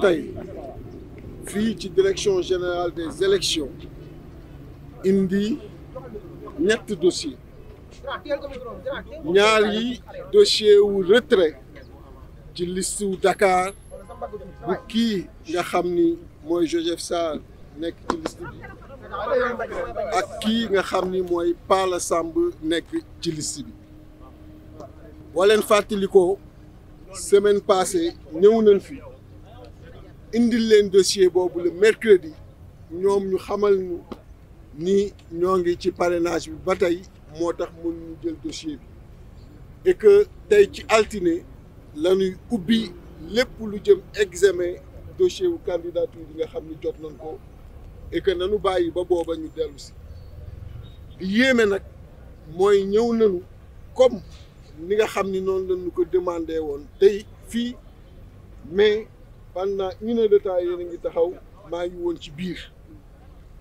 tey fii ci direction générale des élections indi ñetti dossier ñaar yi dossier wu retrait ci liste wu Dakar bu kii nga xam ni mooy Joseph Sarr nekk ci liste bi ak kii nga xam ni mooy Pala Samb nekk ci liste bi boo leen semaine passée ñëw nañ fi indil leen dossier boobu le mercredi ñoom ñu xamal ñu ni ñoo ngi ci parrainage bi ba tey moo tax mun ñu jël dossier bi et tey ci altine la ñuy ubbi lépp lu jëm examen dossier wu candidature bi nga xam ni jot nañ ko et que nanu bàyyi ba booba ñu dellusi si yéeme nag mooy ñëw nañu comme ni nga xam ni noonu lañu ko demandé woon tey fii mais pendant une heure de temps yéen a ngi taxaw maa ngi woon ci biir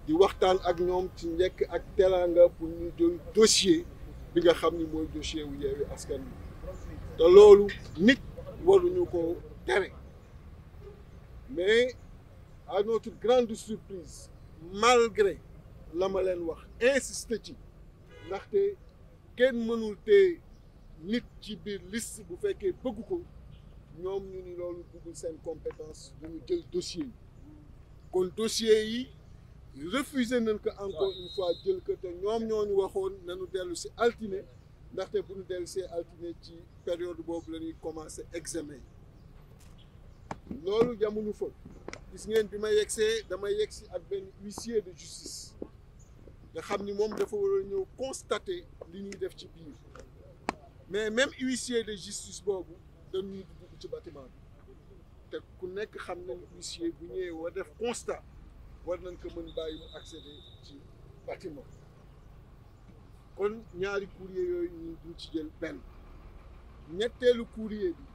di waxtaan ak ñoom ci njëkk ak teraanga pour ñu jël dossier bi nga xam ni mooy dossier wu Yewwi Askan Wi te loolu nit waruñu ko tere mais à notre grande surprise malgré la ma leen wax insisté ci ndaxte kenn mënul tee nit ci biir list bu fekkee bëggu ko ñoom ñu ni loolu duggul seen compétence bu ñu jël dossier yi kon dossier yi refusé nañ ko encore une fois jël ko te ñoom ñooñu waxoon nañu dellu si altine ndaxte bu ñu dellu see altine ci période boobu la ñuy commencé examen yi loolu jamuñu fa gis ngeen bi ma yegsee dama yegsi ak benn huissier de justice nga xam ni moom dafa war ñëw constater li ñuy def ci biir mais même huissier de justice boobu dañuy ci batiment bi te ku nekk xam nañ huissier bu ñëwee war def constat war nañ ko mën bàyyi mu accéder ci bâtiment kon ñaari courrier yooyu ñu duñ ci jël benn ñetteelu courrier bi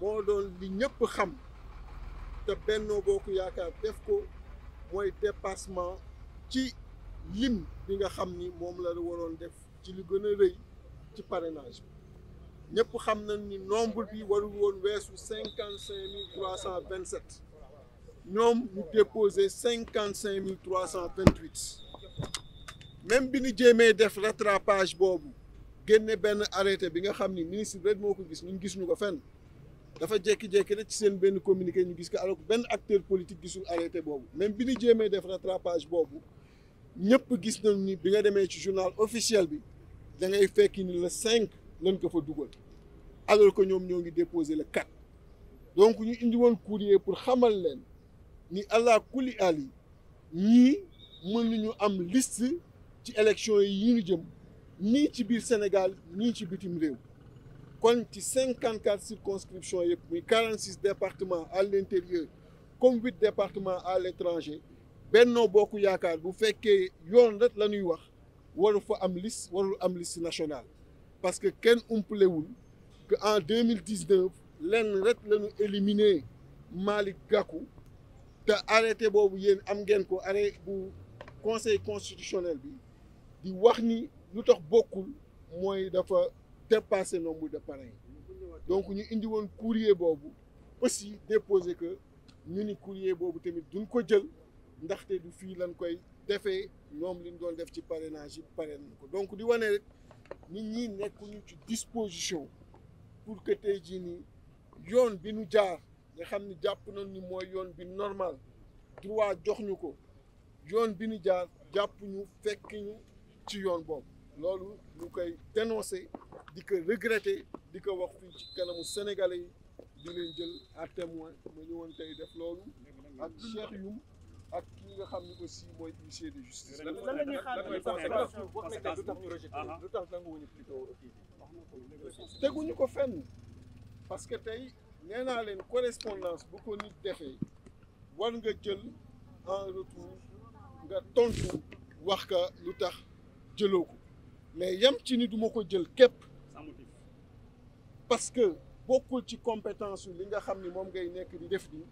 moo doon li ñëpp xam te Benno Bokk Yaakaar def ko mooy dépassement ci lim bi nga xam ni moom la waroon def ci lu gën a rëy ci parrainage bi ñëpp xam nañ ni nombre bi warul woon weesu cinquante cinq mille trois cent vingt sept ñoom ñu cinquante cinq mille trois cent vingt huit même bi ñu jéemee def rattrapage boobu génne benn arrêté bi nga xam ni ministre bi rek moo ko gis ñun gis ñu ko fenn dafa jékki-jékki rek ci seen benn communiqué ñu gis ko alors benn acteur politique gisul arrêté boobu même bi ñu jéemee def rattrapage boobu ñëpp gis nañ ni bi nga demee ci journal officiel bi da ngay fekk ni le cinq lan ko fa dugal alors que ñoom ñoo ngi déposé la 4 donc ñu indi woon courrier pour xamal leen ni allah kulli ali ñii mën nañu am liste ci élection yi yi ñu jëm nii ci biir Sénégal nii ci bitim réew kon ci cinquante quatre circonscriptions yëpp muy quarante six départements à l'intérieur comme huit départements à l'étranger Benno Bokk Yaakaar bu fekkee yoon rek la ñuy wax waru fa am liste warul am liste nationale parce que kenn umpalewul que en deux mille dix neuf lenn rek la éliminer éliminé Malick te arrêté boobu yéen am ngeen ko arrêté bu conseil constitutionnel bi di wax ni lu tax bokkul mooy dafa dépassé nombre de parrain donc ñu indi woon courrier boobu aussi déposé que ñu ni courrier boobu tamit duñ ko jël ndaxte du fii lan koy defee li liñ doon def ci parrainage yi parrain ko donc di wane nit ñi nekkuñu ci disposition pour que tey jii nii yoon bi nu jaar nga xam ni jàpp nañ ni mooy yoon bi normal droit jox ñu ko yoon bi nu jaar jàpp ñu fekk ñu ci yoon boobu loolu ñu koy dénoncer di ko regretter di ko wax fii ci kanamu sénégalais yi di leen jël à témoin ma ñëwoon tey def loolu ak Cheikh Youm ak ki nga xam ne aussi mooy huissier de justice. lan lan la ñuy xaar lan mooy conséquence wax nañ lu ñu ko fenn parce que tey nee naa leen correspondance bu ko nit defee war nga jël en retour nga tontu wax ka lu tax jëloo ko mais yam ci ni duma ko jël képp. parce que bokkul ci compétence yu li nga xam ni moom ngay nekk di def nii.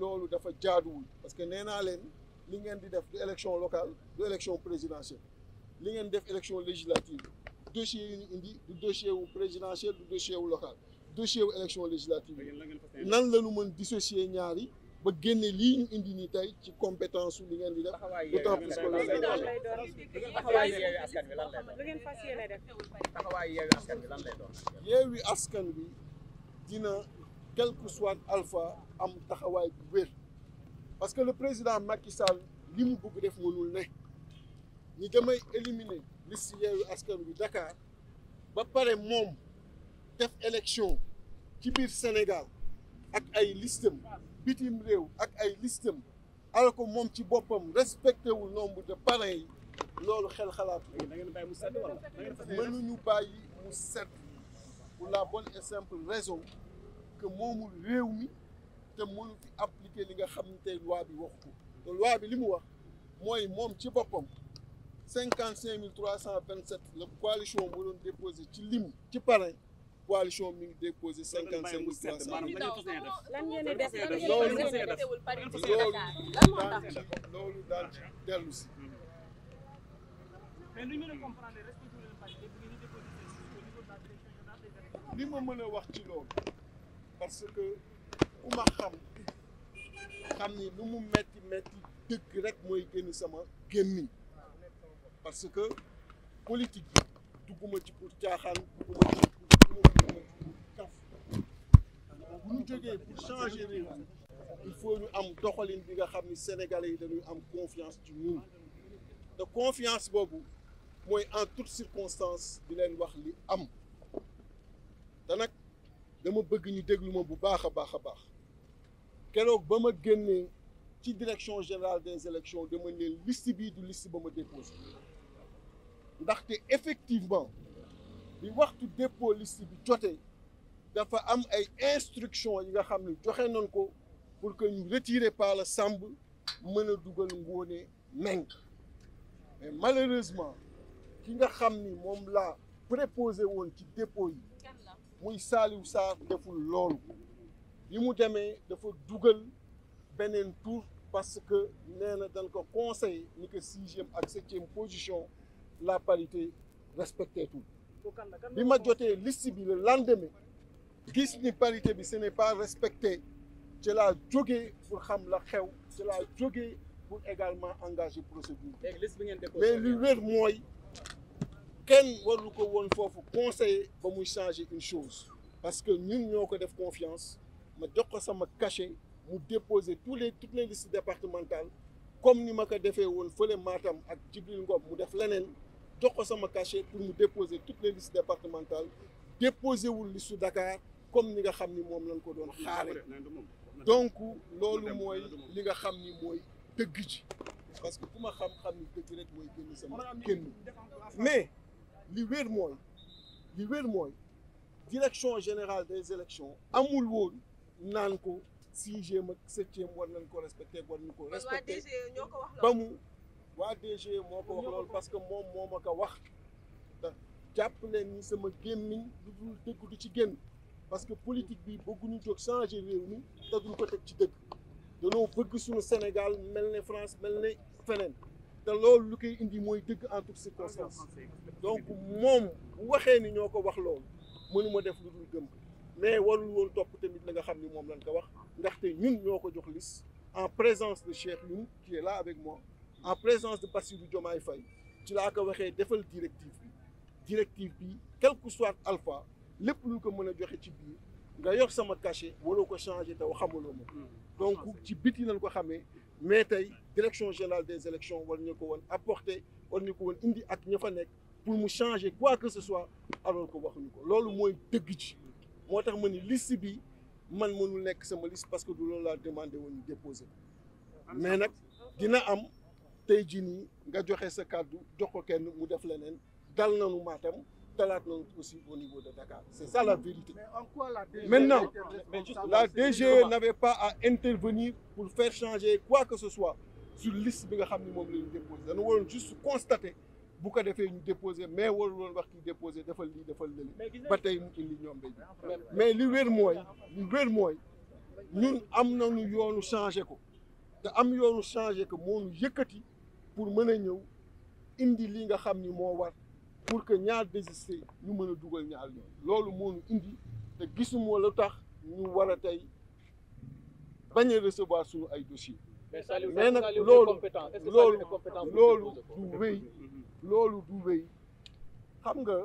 loolu dafa jaaduwul parce que nee naa leen li ngeen di def du élection locale du élection présidentielle li ngeen def élection législative dossier yi ñu indi du dossier wu présidentiel du dossier wu local dossier wu élection législative nan la ñu mën dissocier ñaar yi ba génne lii ñu indi tey ci compétence su li ngeen di def d'autant plus que Yewwi Askan Wi dina quel que soit Alpha am taxawaay bu wér parce que le président Macky Sall li mu bëgg def mënul ne ñi damay éliminer liste Yewwi Askan Wi Dakar ba pare moom def élection ci biir Sénégal ak ay listam bitim réew ak ay listam alors que moom ci boppam respecté wul nombre de parrains yi loolu xel xalaatu ko mënuñu bàyyi mu sedd pour la bonne et simple raison que moomul réew mi te mënu fi appliquer li nga xam ne tey loi bi wax ko loi bi li mu wax mooy moom ci boppam cinquante cinq mille trois cent vingt sept la coalition mu doon ci lim ci parrain coalition mi ngi déposé cinquante cinq mille trois cent loolu loolu daal ci dellu si li ma mën wax ci loolu parce que ku xam xam ni lu mu metti metti dëgg rek mooy génn sama gémmiñ parce que politique yi dugguma ci pour caaxaan dugguma ci bu ñu jógee pour changer réew il faut ñu am doxalin bi nga xam ni sénégalais yi dañuy am confiance ci ñun te confiance boobu mooy en toutes circonstances di leen wax li am te dama bëgg ñu déglu ma bu baax a baax a baax keroog ba ma génnee ci direction générale des élections dama ne liste bii du liste ba ma déposé ndaxte effectivement bi waxtu dépôt liste bi jote dafa am ay instructions yi nga xam ne joxe nañ ko pour que ñu retire par la Samb mën a dugal Ngone Meng mais malheureusement ki nga xam ni moom laa préposé woon ci dépôt yi muy Saliou Sarr deful loolu li mu demee dafa dugal beneen tour parce que nee na dañ ko conseillé ni que sixième ak septième position la parité respecté tout bi ma jotee liste bi le lendemain gis ni parité bi ce n'est pas respecté ci laa jógee pour xam la xew ci laa jógee pour également engager procédure mais li wér mooy kenn warul ko woon foofu conseiller ba muy changer une chose parce que ñun ñoo ko def confiance ma jox ko sama cachet mu déposer tous les toutes les listes départementales comme ni ma ko defee woon fële Matam ak Djibril ngoom mu def leneen jox ko sama cachet pour mu déposer toutes les listes départementales déposer wul liste Dakar comme ni nga xam ni moom lañ ko doon xaare donc loolu mooy li nga xam ni mooy dëgg ji parce que ku ma xam-xam ni dëgg rek mooy li wér mooy li wér mooy direction générale des élections amul woon naan ko sixième ak septième war nañ ko respecté war ñu ko respecté ba mu waa DG moo ko wax loolu parce que moom moo ma ko wax da jàpp leen ni sama gémmiñ lu dul dëgg ci génn parce que politique bi bëgguñu jóg changer réew mi te duñ ko teg ci dëgg danoo bëgg suñu Sénégal mel ne France mel ne feneen te loolu lu koy indi mooy dëgg en toutes circonstances donc moom bu waxee ni ñoo ko wax loolu mënuma def lu dul gëm mais warul woon topp tamit la nga xam ni moom lañ ko wax ndaxte ñun ñoo ko jox liste en présence de Cheikh Youm qui est là avec moi en présence de du Diomaye fay ci laa ko waxee defal directive bi directive bi quel que soit alpha lépp lu ko mën a joxe ci biir nga yor sama cachet waroo ko changé te xamuloo ma hmm. donc ci biti lañ ko xamee mais tey direction générale des élections war ñu ko woon apporter war ñu ko woon indi ak ña fa nekk pour mu changer quoi que ce soit alors que waxuñu ko loolu mooy dëgg ci moo tax ma ni liste bi man mënul nekk sama liste parce que du loolu laa demandé woon ñu déposé mais nag dina am tey jii nii nga joxe sa kàddu jox ko kenn mu def leneen dal nanu Matam dalaat nanu aussi au niveau de Dakar c'est ça la vérité mais en la DG maintenant la DG n'avait pas à intervenir pour faire changer quoi que ce soit sur list bi nga xam ni moom la ñu déposé dañu waroon juste constater bu ko defee ñu déposé mais warul woon wax kii déposé defal lii defal lële ba tey mu indi ñoom bi mais li wér mooy li wér mooy ñun am nañu yoonu changé ko te am yoonu changé ko moo ñu yëkkati pour mën a ñëw indi li nga xam ni moo war pour que ñaar désisté ñu mën a dugal ñaar loolu moo ñu indi te gisuma lu tax ñu war a tey bañ a recevoir suñu ay dossiers mais nag loolu loolu loolu du wéy loolu du wéy xam nga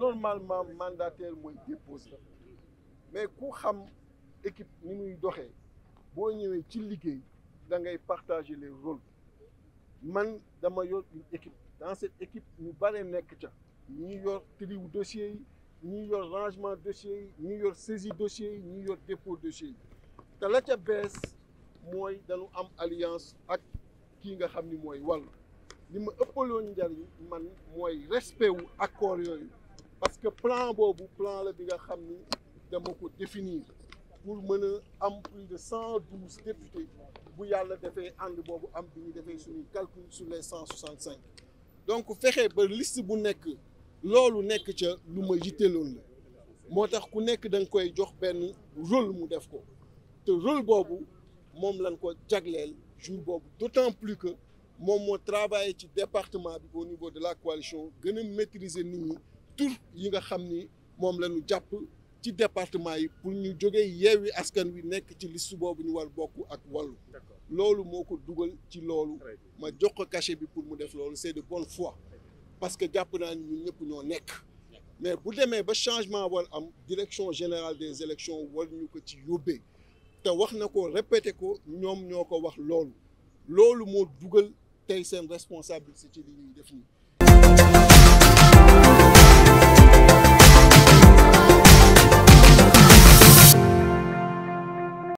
normalement mandataire mooy déposé mais ku xam équipe ni muy doxee boo ñëwee ci liggéey da ngay partager les rôles man dama yor une équipe dans cette équipe ñu bare nekk ca ñi yor triw dossiers yi ñi yor rangement dossiers yi ñi yor saisie dossiers yi ñi yor dépôt dossiers yi te la ca bees mooy dañu am alliance ak kii nga xam ni mooy wàll li ma ëppaloon njariñ man mooy respect wu accord yooyu parce que plan boobu plan la bi nga xam ni dama ko définir pour mën a am plus de cent douze bu yàlla defee ànd boobu am bi ñu defee suñuy calcul sur les cent soixante cinq donc fexee ba list bu nekk loolu nekk ca lu ma yitteloon la moo tax ku nekk da nga koy jox benn rôle mu def ko te rôle boobu moom lañ ko jagleel jour boobu d'autant plus que moom moo travaillé ci département bi au niveau de la coalition gën a maîtriser nit ñi tur yi nga xam ni moom la ñu jàpp ci département yi pour ñu jóge jógee yeewi askan wi nekk ci liste boobu ñu war bokk ak wàllu loolu moo ko dugal ci loolu ma jox ko cachet bi pour mu def loolu c'est de bonne fois parce que jàpp naa ni ñëpp ñoo nekk mais bu demee ba changement war am direction général des élections war ñu ko ci yóbbee te wax na ko répété ko ñoom ñoo ko wax loolu loolu moo tey seen responsabilité ci li ñuy def nii